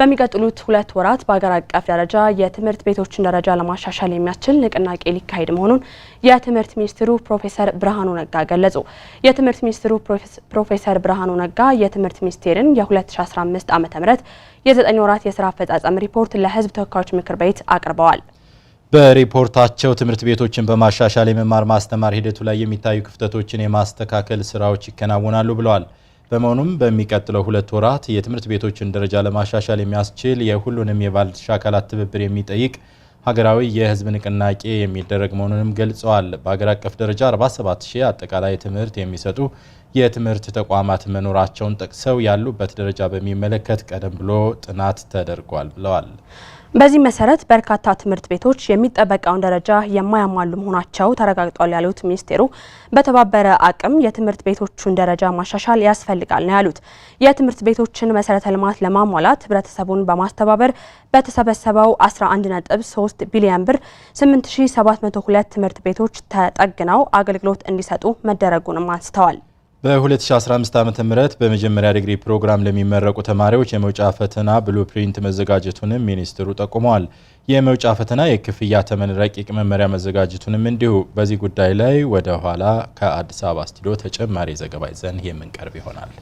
በሚቀጥሉት ሁለት ወራት በሀገር አቀፍ ደረጃ የትምህርት ቤቶችን ደረጃ ለማሻሻል የሚያስችል ንቅናቄ ሊካሄድ መሆኑን የትምህርት ሚኒስትሩ ፕሮፌሰር ብርሃኑ ነጋ ገለጹ። የትምህርት ሚኒስትሩ ፕሮፌሰር ብርሃኑ ነጋ የትምህርት ሚኒስቴርን የ2015 ዓ ም የዘጠኝ ወራት የስራ አፈጻጸም ሪፖርት ለህዝብ ተወካዮች ምክር ቤት አቅርበዋል። በሪፖርታቸው ትምህርት ቤቶችን በማሻሻል የመማር ማስተማር ሂደቱ ላይ የሚታዩ ክፍተቶችን የማስተካከል ስራዎች ይከናወናሉ ብለዋል። በመሆኑም በሚቀጥለው ሁለት ወራት የትምህርት ቤቶችን ደረጃ ለማሻሻል የሚያስችል የሁሉንም የባለድርሻ አካላት ትብብር የሚጠይቅ ሀገራዊ የህዝብ ንቅናቄ የሚደረግ መሆኑንም ገልጸዋል። በሀገር አቀፍ ደረጃ 47 ሺህ አጠቃላይ ትምህርት የሚሰጡ የትምህርት ተቋማት መኖራቸውን ጠቅሰው ያሉበት ደረጃ በሚመለከት ቀደም ብሎ ጥናት ተደርጓል ብለዋል። በዚህ መሰረት በርካታ ትምህርት ቤቶች የሚጠበቀውን ደረጃ የማያሟሉ መሆናቸው ተረጋግጧል ያሉት ሚኒስቴሩ በተባበረ አቅም የትምህርት ቤቶቹን ደረጃ ማሻሻል ያስፈልጋል ነው ያሉት። የትምህርት ቤቶችን መሰረተ ልማት ለማሟላት ህብረተሰቡን በማስተባበር በተሰበሰበው 11.3 ቢሊዮን ብር 8702 ትምህርት ቤቶች ተጠግነው አገልግሎት እንዲሰጡ መደረጉንም አንስተዋል። በ2015 ዓ ም በመጀመሪያ ዲግሪ ፕሮግራም ለሚመረቁ ተማሪዎች የመውጫ ፈተና ብሉፕሪንት መዘጋጀቱንም ሚኒስትሩ ጠቁመዋል። የመውጫ ፈተና የክፍያ ተመን ረቂቅ መመሪያ መዘጋጀቱንም እንዲሁ። በዚህ ጉዳይ ላይ ወደ ኋላ ከአዲስ አበባ ስቱዲዮ ተጨማሪ ዘገባ ይዘን የምንቀርብ ይሆናል።